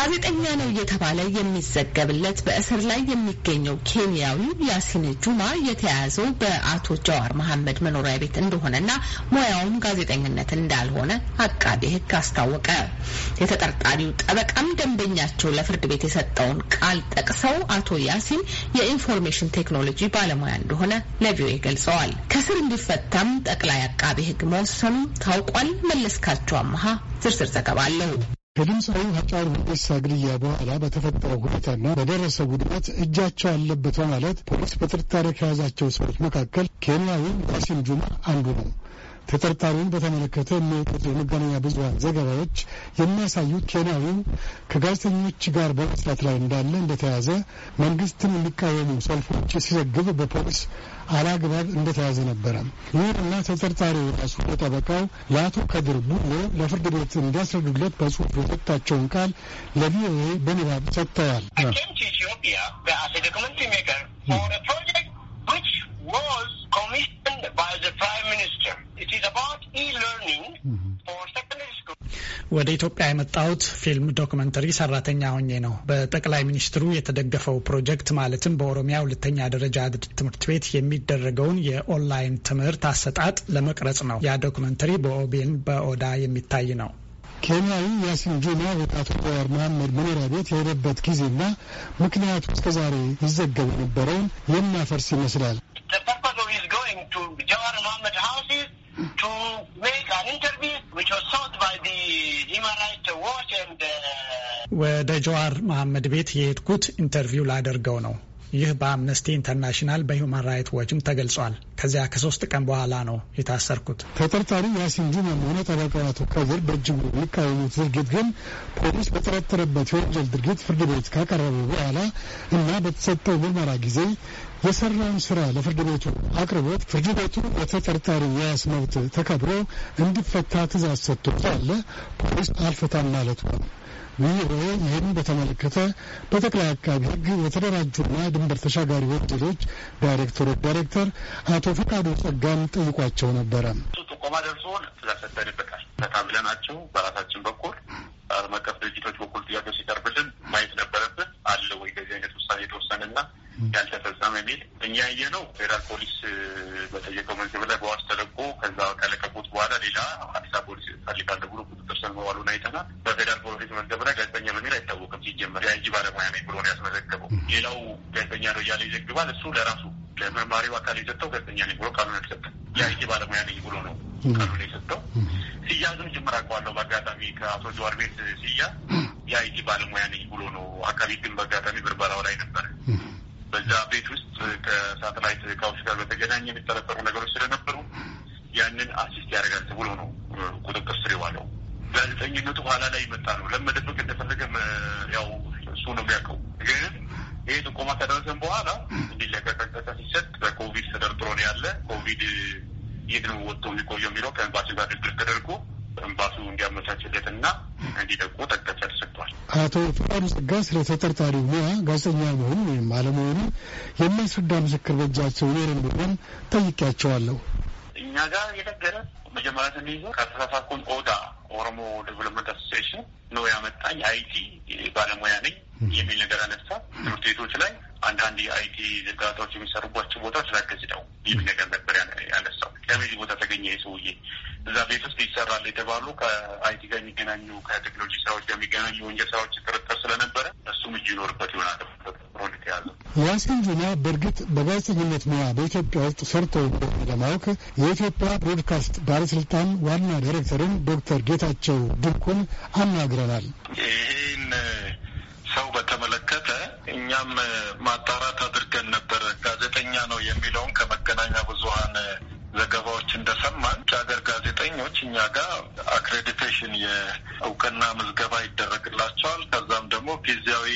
ጋዜጠኛ ነው እየተባለ የሚዘገብለት በእስር ላይ የሚገኘው ኬንያዊ ያሲን ጁማ የተያያዘው በአቶ ጃዋር መሐመድ መኖሪያ ቤት እንደሆነና ሙያውም ጋዜጠኝነት እንዳልሆነ አቃቤ ሕግ አስታወቀ። የተጠርጣሪው ጠበቃም ደንበኛቸው ለፍርድ ቤት የሰጠውን ቃል ጠቅሰው አቶ ያሲን የኢንፎርሜሽን ቴክኖሎጂ ባለሙያ እንደሆነ ለቪኦኤ ገልጸዋል። ከስር እንዲፈታም ጠቅላይ አቃቤ ሕግ መወሰኑ ታውቋል። መለስካቸው አመሀ ዝርዝር ዘገባ አለው። ከድምፃዊው ሃጫሉ ሁንዴሳ ግድያ በኋላ በተፈጠረው ሁኔታና በደረሰ ውድመት እጃቸው አለበት በማለት ፖሊስ በጥርጣሬ ከያዛቸው ሰዎች መካከል ኬንያዊው ዋሲም ጁማ አንዱ ነው። ተጠርጣሪውን በተመለከተ የሚወጡት የመገናኛ ብዙሀን ዘገባዎች የሚያሳዩት ኬንያዊው ከጋዜጠኞች ጋር በመስራት ላይ እንዳለ እንደተያዘ መንግስትን የሚቃወሙ ሰልፎች ሲዘግብ በፖሊስ አላግባብ እንደተያዘ ነበረ። ይሁንና ተጠርጣሪ ራሱ በጠበቃው ለአቶ ከድር ቡሎ ለፍርድ ቤት እንዲያስረዱለት በጽሁፍ የሰጣቸውን ቃል ለቪኦኤ በንባብ ሰጥተዋል። ፕሮጀክት ወደ ኢትዮጵያ የመጣሁት ፊልም ዶክመንተሪ ሰራተኛ ሆኜ ነው። በጠቅላይ ሚኒስትሩ የተደገፈው ፕሮጀክት ማለትም በኦሮሚያ ሁለተኛ ደረጃ ትምህርት ቤት የሚደረገውን የኦንላይን ትምህርት አሰጣጥ ለመቅረጽ ነው። ያ ዶክመንተሪ በኦቤን በኦዳ የሚታይ ነው። ኬንያዊ ያሲን ጁማ ወጣቱ ጀዋር መሐመድ መኖሪያ ቤት የሄደበት ጊዜና ምክንያቱ እስከዛሬ ይዘገብ የነበረውን የማፈርስ ይመስላል። ጀዋር መሐመድ ወደ ጀዋር መሐመድ ቤት የሄድኩት ኢንተርቪው ላደርገው ነው። ይህ በአምነስቲ ኢንተርናሽናል በሁማን ራይት ዎችም ተገልጿል። ከዚያ ከሶስት ቀን በኋላ ነው የታሰርኩት። ተጠርጣሪ ያሲን ጁማም ሆነ ጠበቃው አቶ ከድር በእጅጉ የሚቃወሙት ድርጊት ግን ፖሊስ በጠረጠረበት የወንጀል ድርጊት ፍርድ ቤት ካቀረበ በኋላ እና በተሰጠው ምርመራ ጊዜ የሰራውን ስራ ለፍርድ ቤቱ አቅርቦት ፍርድ ቤቱ በተጠርጣሪ የያስ መብት ተከብሮ እንዲፈታ ትእዛዝ ሰጥቶ ሳለ ፖሊስ አልፈታም ማለቱ ነው። ውይሮ ይህን በተመለከተ በጠቅላይ አቃቢ ሕግ የተደራጁና ድንበር ተሻጋሪ ወንጀሎች ዳይሬክተሮች ዳይሬክተር አቶ ፈቃዱ ጸጋን ጠይቋቸው ነበረ። ጥቆማ ደርሶን ስለሰደንበታል ተታብለናቸው በራሳችን በኩል ዓለም አቀፍ ድርጅቶች በኩል ጥያቄ ሲቀርብልን ማየት ነበረብን አለ ወይ ከዚህ አይነት ውሳኔ የተወሰነና ያልተፈጸመ የሚል እኛ ያየ ነው። ፌዴራል ፖሊስ በጠየቀው መዝገብ ላይ በዋስ ተለቆ ከዛ ከለቀቁት በኋላ ሌላ ቁጥጥር ስር መዋሉን አይተናል። በፌደራል ፖሊስ መዝገብ ላይ ጋዜጠኛ በሚል አይታወቅም። ሲጀመር የአይጂ ባለሙያ ነኝ ብሎ ያስመዘገበው። ሌላው ጋዜጠኛ ነው እያለ ይዘግባል። እሱ ለራሱ ለመርማሪው አካል የሰጠው ጋዜጠኛ ነኝ ብሎ ቃሉን አልሰጠም። የአይጂ ባለሙያ ነኝ ብሎ ነው ቃሉን የሰጠው። ሲያዝም ጭምር አውቀዋለሁ። በአጋጣሚ ከአቶ ጀዋር ቤት ሲያዝ የአይጂ ባለሙያ ነኝ ብሎ ነው። አካባቢ ግን በአጋጣሚ ብርበራው ላይ ነበር። በዛ ቤት ውስጥ ከሳተላይት እቃዎች ጋር በተገናኘ የሚጠረጠሩ ነገሮች ስለነበሩ ያንን አሲስት ያደርጋል ብሎ ነው ዘረኝነቱ ኋላ ላይ ይመጣ ነው። ለመደበቅ እንደፈለገ ያው እሱ ነው የሚያውቀው። ግን ይሄ ጥቆማ ከደረሰን በኋላ እንዲለቀቅ ሲሰጥ በኮቪድ ተደርድሮ ነው ያለ። ኮቪድ የት ነው ወጥቶ የሚቆየው የሚለው ከኤምባሲ ጋር ድርድር ተደርጎ ኤምባሱ እንዲያመቻችለት እና እንዲለቁ ጠቀሰ ተሰጥቷል። አቶ ፍቃዱ ጽጋ ስለ ተጠርጣሪው ሙያ ጋዜጠኛ መሆን ወይም አለመሆኑ የሚያስረዳ ምስክር በእጃቸው ይኖር እንደሆን ጠይቄያቸዋለሁ። እኛ ጋር የነገረ መጀመሪያ ስንይዘው ከተሳሳኩን ኦዳ ኦሮሞ ዴቨሎፕመንት አሶሲዬሽን ነው ያመጣኝ። አይቲ ባለሙያ ነኝ። የሚል ነገር አነሳ። ትምህርት ቤቶች ላይ አንዳንድ የአይቲ ዝርጋታዎች የሚሰሩባቸው ቦታዎች ተዘግዝደው የሚል ነገር ነበር ያነሳው። ለምን ቦታ ተገኘ የሰውዬ እዛ ቤት ውስጥ ይሰራል የተባሉ ከአይቲ ጋር የሚገናኙ ከቴክኖሎጂ ስራዎች ጋር የሚገናኙ ወንጀል ስራዎች ጥርጥር ስለነበረ እሱም እጅ ይኖርበት ይሆናል ፕሮጀክት የያዘው ዜና በእርግጥ በጋዜጠኝነት ሙያ በኢትዮጵያ ውስጥ ሰርተው እንደሆነ ለማወቅ የኢትዮጵያ ብሮድካስት ባለስልጣን ዋና ዳይሬክተርን ዶክተር ጌታቸው ድንኩን አናግረናል። ይህን ሰው በተመለከተ እኛም ማጣራት አድርገን ነበር ጋዜጠኛ ነው የሚለውን ከመገናኛ ብዙኃን ዘገባዎች እንደሰማን ውጭ ሀገር ጋዜጠኞች እኛ ጋር አክሬዲቴሽን የእውቅና ምዝገባ ይደረግላቸዋል። ከዛም ደግሞ ጊዜያዊ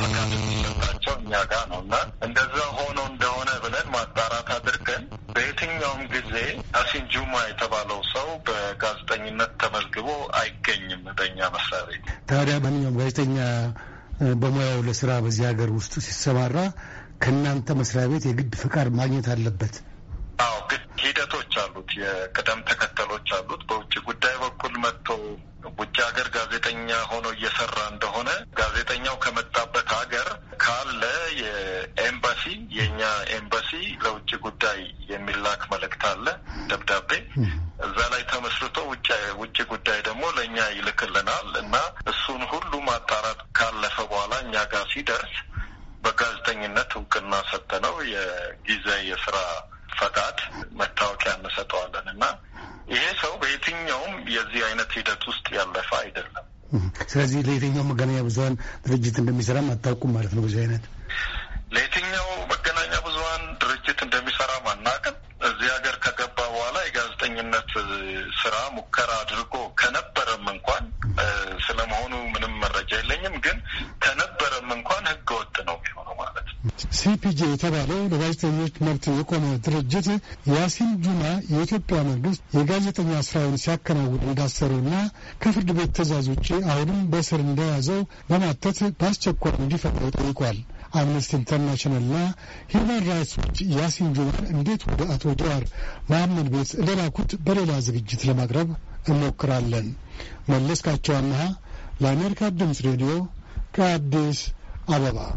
ፈቃድ የሚሰጣቸው እኛ ጋር ነው እና እንደዛ ሆኖ እንደሆነ ብለን ማጣራት አድርገን በየትኛውም ጊዜ አሲን ጁማ የተባለው ሰው በጋዜጠኝነት ተመዝግቦ አይገኝም በእኛ መሳሪያ። ታዲያ ማንኛውም ጋዜጠኛ በሙያው ለስራ በዚህ ሀገር ውስጥ ሲሰማራ ከእናንተ መስሪያ ቤት የግድ ፍቃድ ማግኘት አለበት? አዎ፣ ግድ ሂደቶች አሉት፣ የቅደም ተከተሎች አሉት። በውጭ ጉዳይ በኩል መጥቶ ውጭ ሀገር ጋዜጠኛ ሆኖ እየሰራ እንደሆነ ጋዜጠኛው ከመጣበት ሀገር ካለ የኤምባሲ የእኛ ኤምባሲ ለውጭ ጉዳይ የሚላክ መልእክት አለ፣ ደብዳቤ እዛ ላይ ተመስርቶ ውጭ ጉዳይ ደግሞ ለእኛ ይልክል ሲደርስ በጋዜጠኝነት እውቅና ሰጠነው የጊዜ የስራ ፈቃድ መታወቂያ እንሰጠዋለን እና ይሄ ሰው በየትኛውም የዚህ አይነት ሂደት ውስጥ ያለፈ አይደለም። ስለዚህ ለየትኛው መገናኛ ብዙሀን ድርጅት እንደሚሰራም አታውቁም ማለት ነው። ብዙ አይነት ለየትኛው መገናኛ ብዙሀን ድርጅት እንደሚሰራም አናውቅም። እዚህ ሀገር ከገባ በኋላ የጋዜጠኝነት ስራ ሙከራ አድርጎ ሲፒጄ የተባለው ለጋዜጠኞች መብት የቆመ ድርጅት ያሲን ጁማ የኢትዮጵያ መንግስት የጋዜጠኛ ስራውን ሲያከናውን እንዳሰረውና ከፍርድ ቤት ትዕዛዝ ውጭ አሁንም በስር እንደያዘው በማተት በአስቸኳይ እንዲፈታው ጠይቋል። አምነስቲ ኢንተርናሽናልና ሂውማን ራይትስ ዎች ያሲን ጁማን እንዴት ወደ አቶ ጀዋር መሐመድ ቤት እንደላኩት በሌላ ዝግጅት ለማቅረብ እንሞክራለን። መለስካቸው አመሃ ለአሜሪካ ድምፅ ሬዲዮ ከአዲስ አበባ